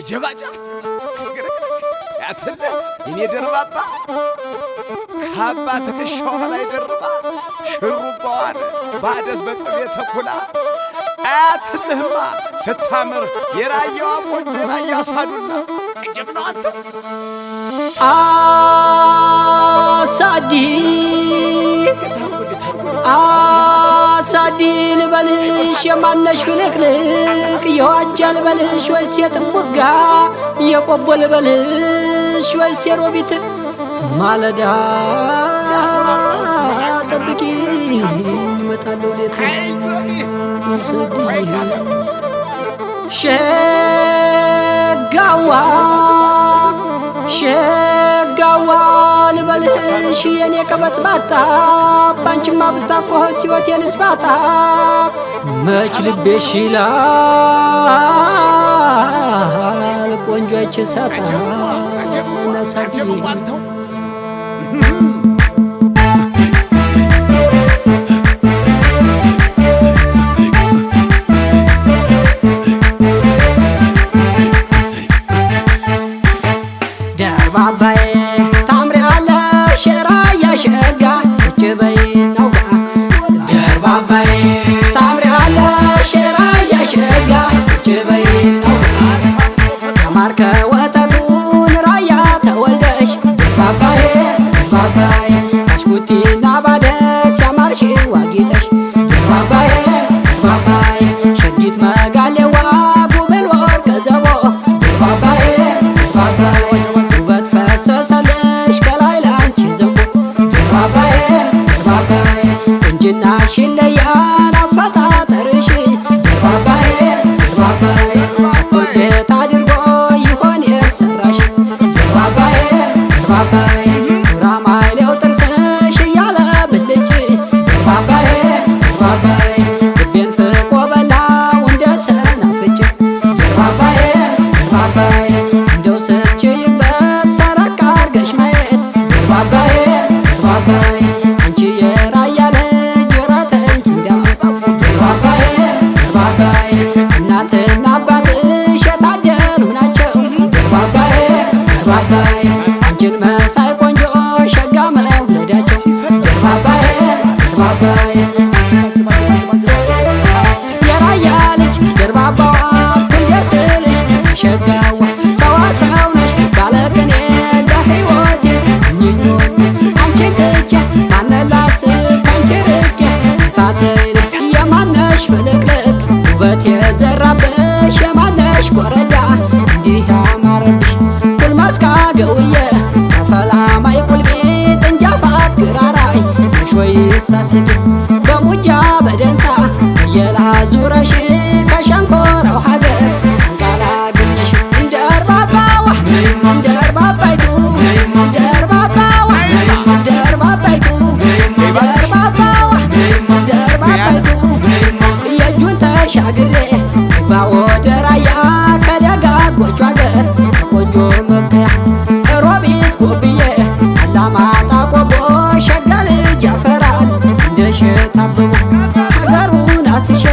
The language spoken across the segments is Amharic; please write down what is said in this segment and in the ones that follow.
አጀባጫ ያትለ እኔ ደርባባ ካባ ትከሻዋ ላይ ደርባ ሽሩባዋን ባደስ በጥቤ ተኩላ አያትልህማ ስታምር የራያዋ ቆንጀና እያሳዱና ቅጅብ ነው አንተ አሳዲ የማነሽ ፍልቅልቅ የዋጅ ጃልበልሽ ወይስ የጥንቡጋ የቆቦል በልሽ ወይስ የሮቢት ማለዳ ጠብቂ እመጣለሁ ሌት ስድ ሸጋዋ ሺ የኔ ቀበት ባታ ባንቺማ ብታቆህ ሲወቴንስ ባታ መች ልቤሽ ይላል ቆንጆች ሰጣ ነሳጅ sugar አሻግሬ ግባ ወደ ራያ ከደጋጎቹ አገር ከቆንጆ መብያ ሮቢት ጎብዬ አላማጣ ቆቦ ሸጋ ልጅ ያፈራል እንደሸታብቦ ሀገሩን አስሸ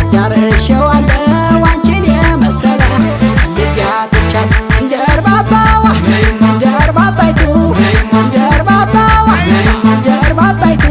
አዳርሸዋለሁ አንቺን የመሰለ ልጋጥቻል እንደርባባዋ እንደርባባይቱ እንደርባባዋ እንደርባባይቱ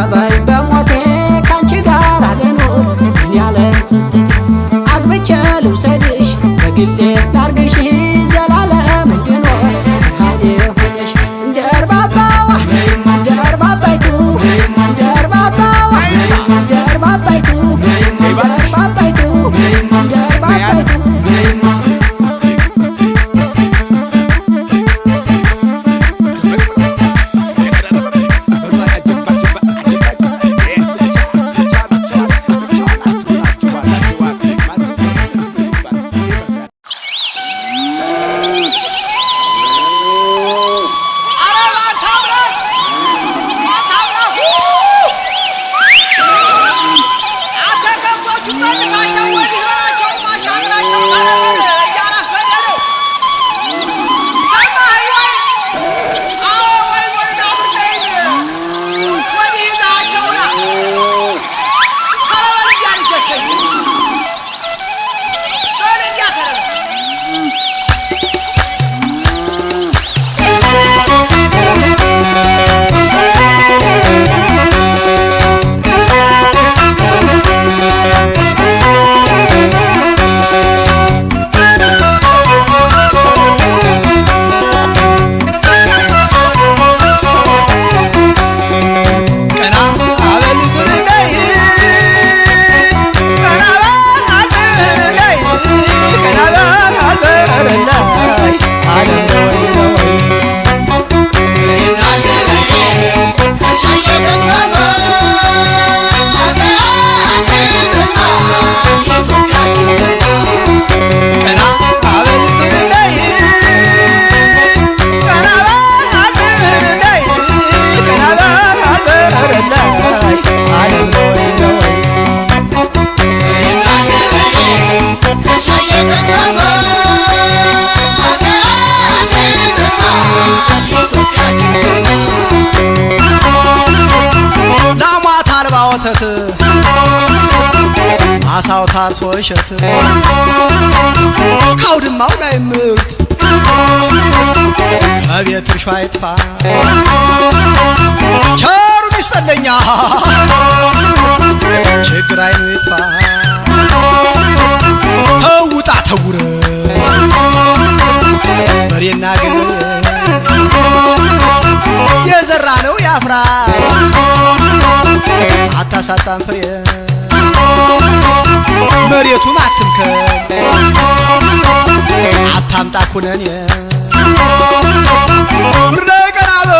ተባይ በሞቴ ካንቺ ጋር ልኑር ምን ያለ ስስት አግብቼ ልውሰድሽ በግሌ ላርግሽ ዘላለም እንድኖር ካዴ ሆነሽ እንደርባባዋ እንደርባባይቱ እንደርባባዋ ከአውራው ታርሶ እሸት ከአውድማው ላይ ምርት ከቤት እርሾ አይጥፋ ይስጠለኛ ችግር አይኑ ይጥፋ ኩነኔ ረቀናሎ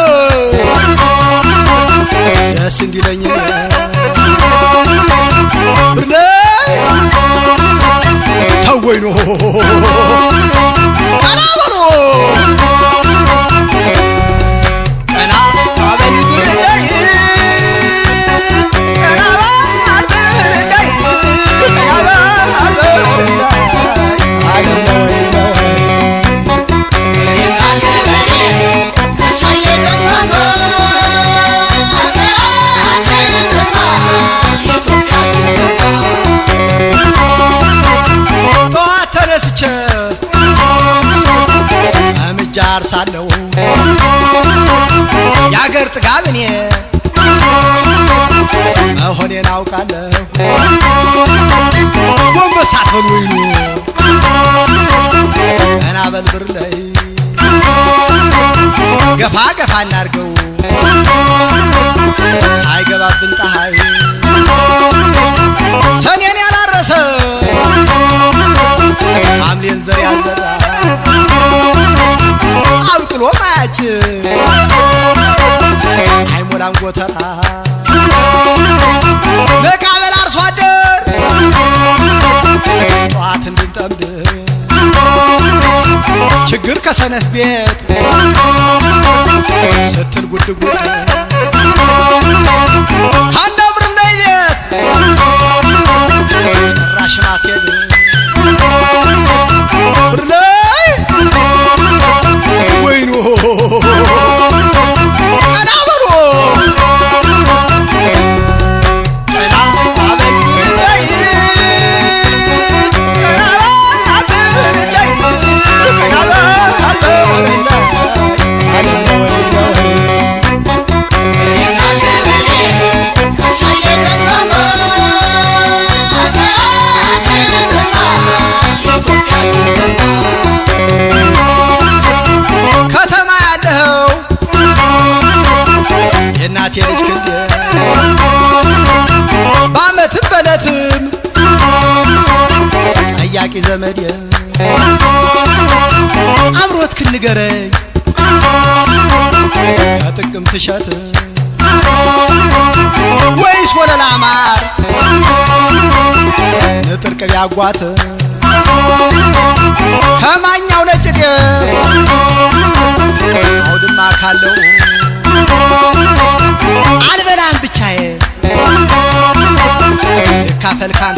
ደስ እንዲለኝ አለብሳለሁ የአገር ጥጋብ እኔ መሆኔን አውቃለሁ። ጎንበስ አትበሉኝ ገና በልብር ላይ ገፋ ገፋ እናርገው ሳይገባብን ፀሐይ አይሞላም ጎተራ መቃበል አርሶ አደር ጠዋት እንድንጠምድ ችግር ከሰነፍ ቤት ስትል ጉድ ዘመድ አብሮት ክንገረኝ ያጥቅም ትሸት ወይስ ወለላ ማር ንጥር ቅቤ አጓት ከማኛው ነጭ ጤፍ አውድማ ካለው አልበላም ብቻዬ ይካፈል ካን